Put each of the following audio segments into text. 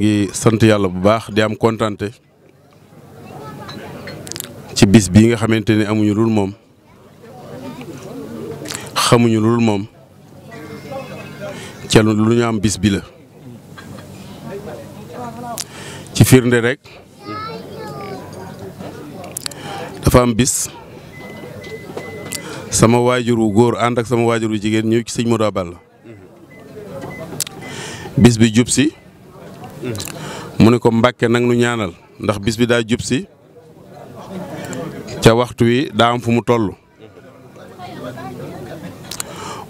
ngi sant yàlla bu baax di am kontante ci bis bii nga xamante ni amuñu lul moom xamuñu lul moom ca lu ñu am bis bi la ci firnde rek dafa am bis sama waajur wu góor ànd ak sama waajur wu jigéen ñëw ci sëñ Modou Abal bis bi jub mu ne ko mbakke nag nu ñaanal ndax bis bi daa jub si ca waxtu wi daa am fu mu toll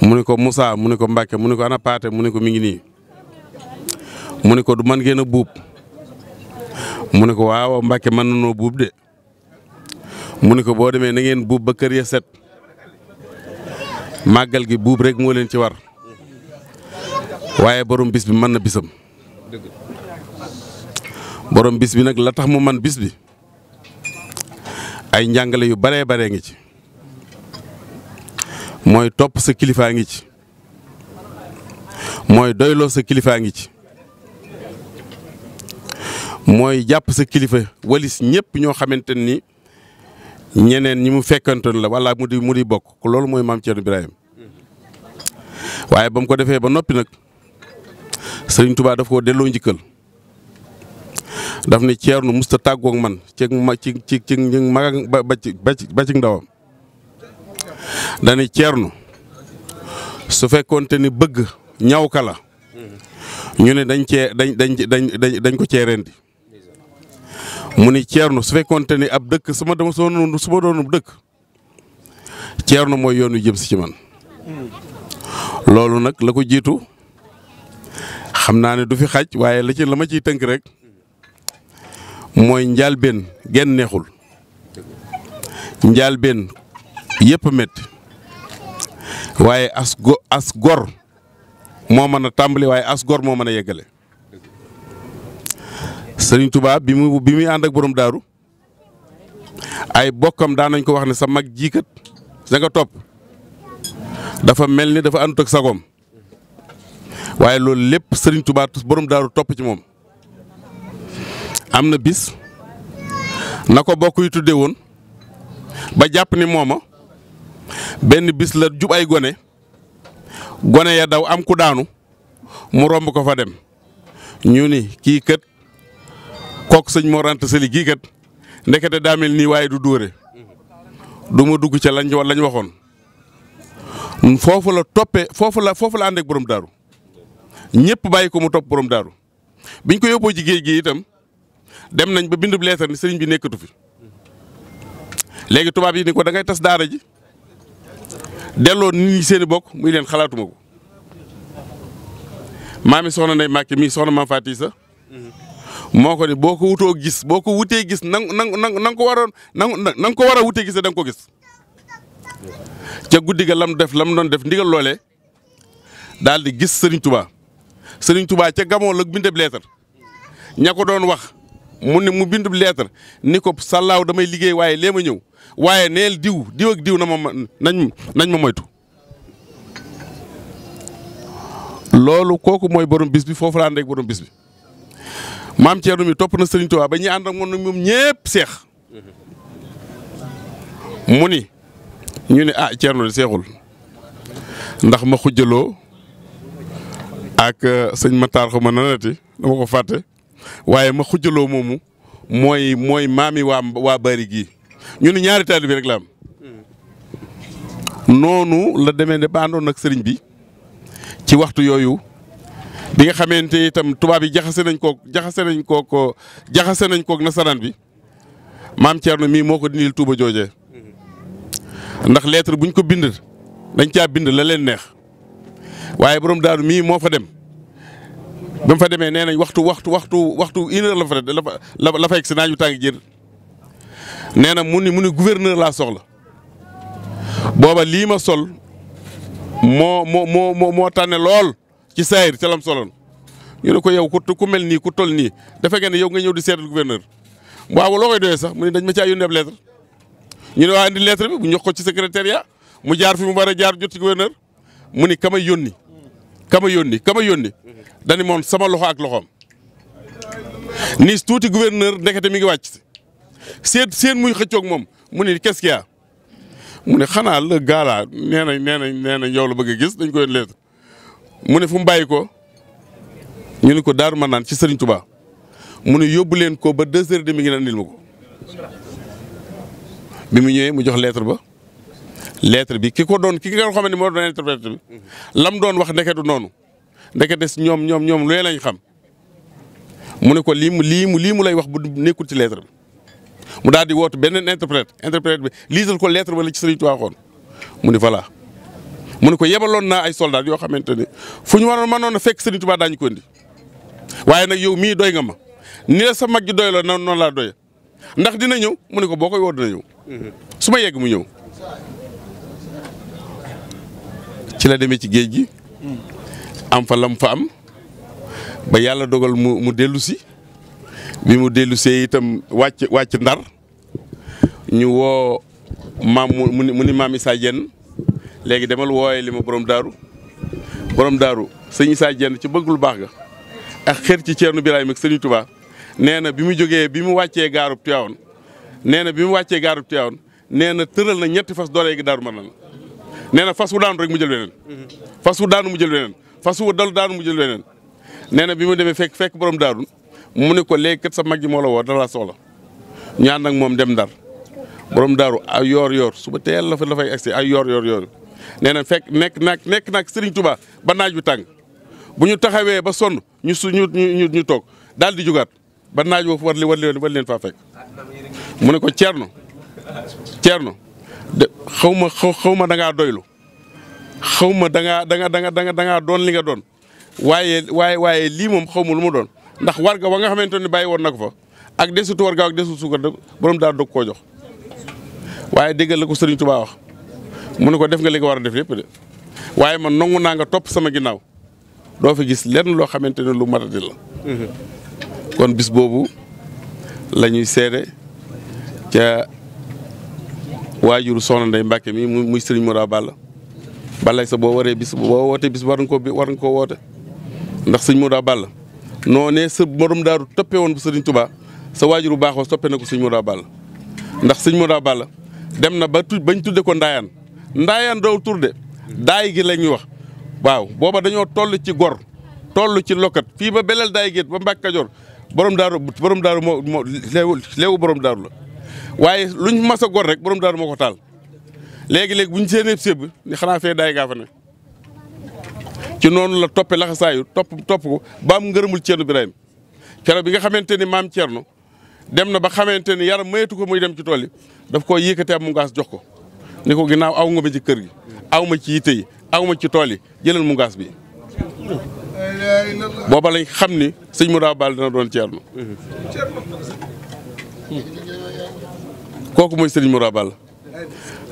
mu ne ko Moussa mu ne ko mbakke mu ne ko ana Paate mu ni ko mi ngi nii mu ni ko du man ngeen buub mu ne ko waaw Mbacke mën nanoo buub de mu ne ko boo demee na ngeen buub ba kër ya set màggal gi buub rek moo leen ci war waaye borom bis bi mën na bisam. borom bis bi nag la tax mu man bis bi ay njàngale yu baree baree ngi ci mooy topp sa kilifaa ngi ci mooy doyloo sa kilifaa ngi ci mooy jàpp sa kilifa walis ñëpp ñoo xamante ni ñeneen ñi mu fekkantoon la wala mu di mu di bokk loolu mooy maam Thierno Birahim waaye ba mu ko defee ba noppi nag Sëriñ Tuubaa daf koo delloo njikkal daf ne Ceerno musta tàggook man ci ma ci ci ci ba ba ci ndawam dani Ceerno su fekkoonte ni bëgg ñaw ka la ñu ne dañ cee dañ dañ dañ dañ ko ceerendi mu ni Ceerno su fekkoonte ni ab dëkk su ma dama su ma doonu dëkk Ceerno mooy yoon yu jëm si ci man loolu nag la ko jiitu xam naa ne du fi xaj waaye la ci la ma ciy tënk rek mooy njaalbeen genn neexul njaalbeen yépp metti waaye as go as gor moo mën a tàmbali waaye as gor moo mën a yeggale sëriñ Touba bi mu bi muy ànd ak borom daaru ay bokkam daan nañ ko wax ne sa mag jiikat da nga topp dafa mel ni dafa àndut ak sagoom waaye loolu lépp sëriñ Touba borom daaru topp ci moom am na bis na ko bokk yu tudde woon ba jàpp ni mooma benn bis la jub ay gone gone ya daw am ku daanu mu romb ko fa dem ñu ni kii kët kook sëñ Mor Anta Sali kii kat ndekete daa mel nii waaye du dóore du dugg ca lañ lañ waxoon foofu la toppee foofu la foofu la ànd ak daaru ñëpp bàyyi ko mu topp borom daaru biñ ko yóbboo ci géej gi itam. dem nañ ba bindub leetar ni sëriñ bi nekkatu fi léegi tubaab yi ni ko dangay ngay tas daara ji delloo nit ñi seen bokk muy leen xalaatuma ko mi soxna Ndeye Mbacke mii soxna maam Fatou Issa moo ko ni boo ko wutoo gis boo ko wutee gis na nga na nga ko waroon na nga ko war a wutee gis da ko gis ca guddi ga lam def lam doon def ndigal loole daal di gis Serigne Touba Serigne Touba ca gamoo la bindeb leetar ña ko doon wax mu ne mu bindub lettre ni ko sàllaaw damay liggéey waaye lee ma ñëw waaye neel diw diw ak diw na ma nañ nañ ma moytu. loolu kooku mooy borom bi foofu la ànd ak borom bis bi topp na Serigne Touba ba ñuy ànd ak moom ñëpp seex ni ñu ne ah ndax ma xujjaloo ak euh, sëñ Matar xaw ma nanati dama ko fàtte. waaye ma xujjaloo moomu mooy mooy maami waa waa bari gii ñu ne ñaari taalibe rek la am noonu la demee ne ba àndoon ak sëriñ bi ci waxtu yooyu bi nga xamante itam tubaab yi jaxase nañ kook jaxase nañ kook jaxase nañ kook nasaraan bi maam Thierno mii moo ko dindil tuuba joojee ndax lettre buñ ko bind dañ caa bind la leen neex waaye borom daaru mii moo fa dem. ba mu fa demee nee nañ waxtu waxtu waxtu waxtu une la fa la la fa egg si naaju tàng jër nee na mu ni mu ni gouverneur laa soxla booba lii ma sol moo moo moo moo tànne lool ci saayir ca lam soloon ñu ne ko yow ku ku mel nii ku tol nii dafa ngeen ne yow nga ñëw di seetal gouverneur waaw loo koy doyee sax mu ne dañ ma caa yónnee ab lettre ñu ne waa indi lettre bi bu ñu ko ci secrétariat mu jaar fi mu war a jaar jot ci gouverneur mu ni kamay yónni. kama yónni kama yónni dañu moon sama loxo ak loxoom ni tuuti gouverneur ndekete mi ngi wàcc seet seen muy xëccoog moom mu ne qu'est-ce qu'il mu ne xanaa la gaalaa nee nañ nee nañ nee nañ yow la bëgg gis dañ koy leet mu ne fu mu bàyyi ko ñu ni ko Daaru Manaan ci Serigne Touba mu ne yóbbu leen ko ba deux heures demi ngi na andil ma ko bi mu ñëwee mu jox lettre ba lettre bi ki ko doon ki nga xam ne moo doon interprète lam doon wax ndeke noonu ndeke des ñoom ñoom ñoom lu lañ xam mu ne ko lii mu lii mu lii mu lay wax bu nekkul ci lettre bi mu daal di woote beneen interprète interprète bi liital ko lettre ba la ci Sëriñ Tuubaa waxoon mu ne voilà mu ne ko yebaloon naa ay soldats yoo xamante ne fu ñu waroon mënoon a fekk Sëriñ Tuubaa daañu ko waaye nag yow mii doy nga ma ni la sa mag ji doy la noonu laa doy ndax dina ñëw mu ne ko boo koy woo dina ñëw su ma yegg mu ñëw. ci la demee ci géej gi am fa lam fa am ba yàlla dogal mu mu dellu bi mu dellu see itam wàcc wàcc ndar ñu woo maam mu ni mu ni maam Issa Diène léegi demal wooye li ma borom daaru borom daaru sëñ Issa ci bëggul baax ga ak xër ci Ceerno Birahim ak sëñ Tuubaa nee na bi mu jógee bi mu wàccee gaaru Tiwaawan nee na bi mu wàccee gaarub Tiwaawan nee na tëral na ñetti fas doole gi daaru mën na nee na fas wu daanu rek mu jël weneen fas wu daanu mu jël weneen fas dal daanu mu jël weneen nee na bi mu demee fekk fekk borom daaru mu ne ko léegi sa mag ji moo la woo dara la soxla ñu ànd moom dem ndar borom daaru ay yoor yoor suba teel la fa la fay agsi ay yoor yoor yoor nee na fekk nekk naag nekk naag Serigne Touba ba naaj bi tàng bu ñu taxawee ba sonn ñu su ñu ñu toog daal di jugaat ba naaj boobu war li war leen leen faa fekk mu ne ko Thierno Thierno xaw ma xaw ma da ngaa doylu xaw ma da ngaa da nga da doon li nga doon waaye waaye waaye lii moom xaw ma lu ma doon ndax warga wa nga xamante ne bàyyi woon na ko fa ak desutu warga ak desutu suukar borom daal dog koo jox waaye déggal la ko Sëriñ Tuubaa wax mu ne ko def nga li nga war a def yépp de waaye man nangu naa nga topp sama ginnaaw doo fa gis lenn loo xamante ne lu matadi la. Mhm. kon bis boobu lañuy ñuy seede waajuru soxna Ndeye Mbacke mi muy Serigne a Balla Balla sa boo waree bis boo wootee bis war nga ko war nga koo woote ndax Serigne Moura Balla noo ne sa morom daaru toppee woon bu Serigne Touba sa waajuru baaxoo toppee na ko Serigne Moura Balla ndax Serigne Moura Balla dem na ba tu bañ tudde ko ndaayaan ndaayaan doo turde daay gi la ñuy wax waaw booba dañoo toll ci gor toll ci lokkat fii ba beleel daay géet ba Mbacke Kajoor borom daaru borom daaru moo moo léewu borom daaru la waaye luñ mas gor rek borom daaru moo ko taal léegi-léegi buñ seenee sébb ni xanaa fee daay gaa fa ne noonu la toppe laxasaayu topp topp ko baam ngërëmul Ceerno Birahim bi nga xamante ni maam Ceerno dem na ba xamante ni yaram mayatu ko muy dem ci tool yi daf koo yëkkatee am mu jox ko ni ko ginnaaw aw nga ma ci kër gi aw ma ci yitte aw ma ci tool yi jëlal mu ngaas bi booba lañ xam ni sëñ mu daa baal dina doon Ceerno kooku mooy Serigne Moura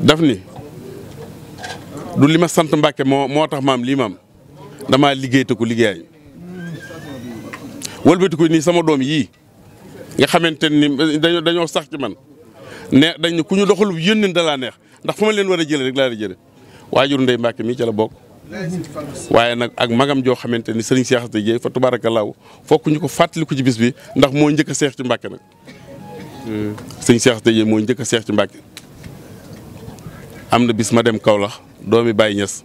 daf ni du li ma sant Mbàkke moo moo tax maam lii maam damaa liggéey te ku liggéeyaay wëlbatiku nii sama doom yii nga xamante ni dañoo dañoo sax ci man ne dañ ku ñu doxalu yónneen da laa neex ndax fu ma leen war a jëlee rek laa la jëlee waajur ndey Mbàkke mii ca la bokk. waaye nag ak magam joo xamante ni Serigne Cheikh Asta Dieye fa tubaarakalaaw fokk ñu ko fàttaliku ci bis bi ndax moo njëkk a seex ci Mbàkke nag. sëñ Cheikh Tëjee moo njëkk a seex ci Mbàkke am na bis ma dem Kaolack doomi Baye Niass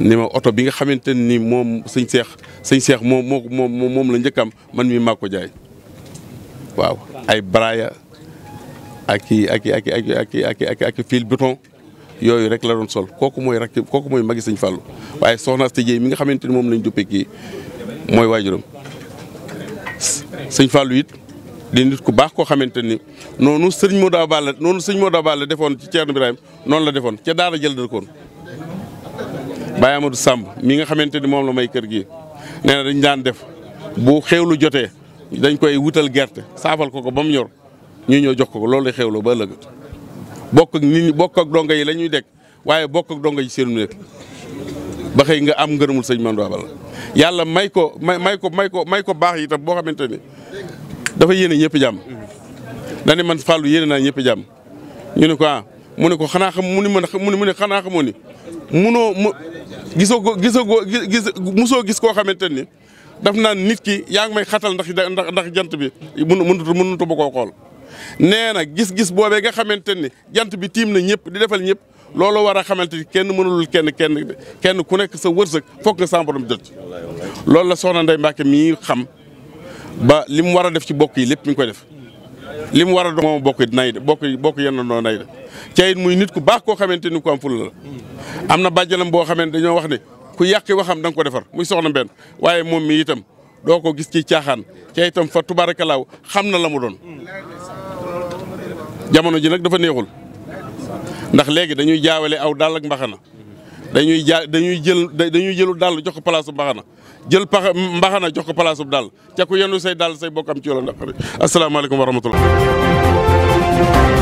ni ma oto bi nga xamante ni moom sëñ Cheikh sëñ Cheikh moom moo moom la njëkkam man mii maa ko jaay waaw ay baraaya ak i ak ak i ak ak i ak ak i fil béton yooyu rek la doon sol kooku mooy rak kooku mooy magi sëñ Fallou waaye soxna Asta Dieye mi nga xamante ni moom lañ duppee ki mooy waajuram sëñ Fallou it di ku baax koo xamante ni noonu sëriñ Modou Balla noonu sëriñ Modou Balla defoon ci Thierno Birahim noonu la defoon ca daara jël dëkkoon Baye Amadou Samb mi nga xamante ni moom la may kër gi nee dañ daan def bu xewlu jotee dañ koy wutal gerte saafal ko ko ba mu ñor ñu ñëw jox ko ko loolu lay xewloo ba ëllëgat bokk ak bokk ak donga yi la ñuy dekk waaye bokk ak donga yi seen nekk ba xëy nga am ngërëmul sëñ Modou Balla yàlla may ko may may ko may ko may ko baax itam boo xamante ni dafa yéene ñëpp jàmm dañu man Fallou yéene naa ñëpp jàmm ñu ne ko ah mu ne ko xanaa xam mu ne man mu ne xanaa xamoo ni munoo mu gisoo ko gisoo ko gis musoo gis koo xamante ni daf naan nit ki yaa ngi may xatal ndax ndax ndax jant bi mënu mun mënutu ba koo xool. nee na gis-gis boobee nga xamante ni jant bi tiim na ñëpp di defal ñëpp loolu war a xamante ni kenn mënul kenn kenn kenn ku nekk sa wërsëg foog nga sa borom jot loolu la soxna Ndeye Mbacke mii xam. ba li mu war a def ci bokk yi lépp mi ngi koy def li mu war a dox moom bokk yi nay de bokk yi bokk yenn noo nay de ca muy nit ku baax koo xamante ni ko am fula la am na bàjjalam boo xamante dañoo wax ne ku yàqi waxam da nga ko defar muy soxna benn waaye moom mi itam doo ko gis ci caaxaan ca itam fa tubaarakalaaw xam na la mu doon jamono ji nag dafa neexul ndax léegi dañuy jaawale aw dàll ak mbaxana dañuy jaa dañuy jël dañuy jëlu dàll jox ko place su mbaxana jël pax mbaxana jox ko place bu daal ca ku yendu say daal say bokkam ci yola ndax asalaamaaleykum wa rahmatullah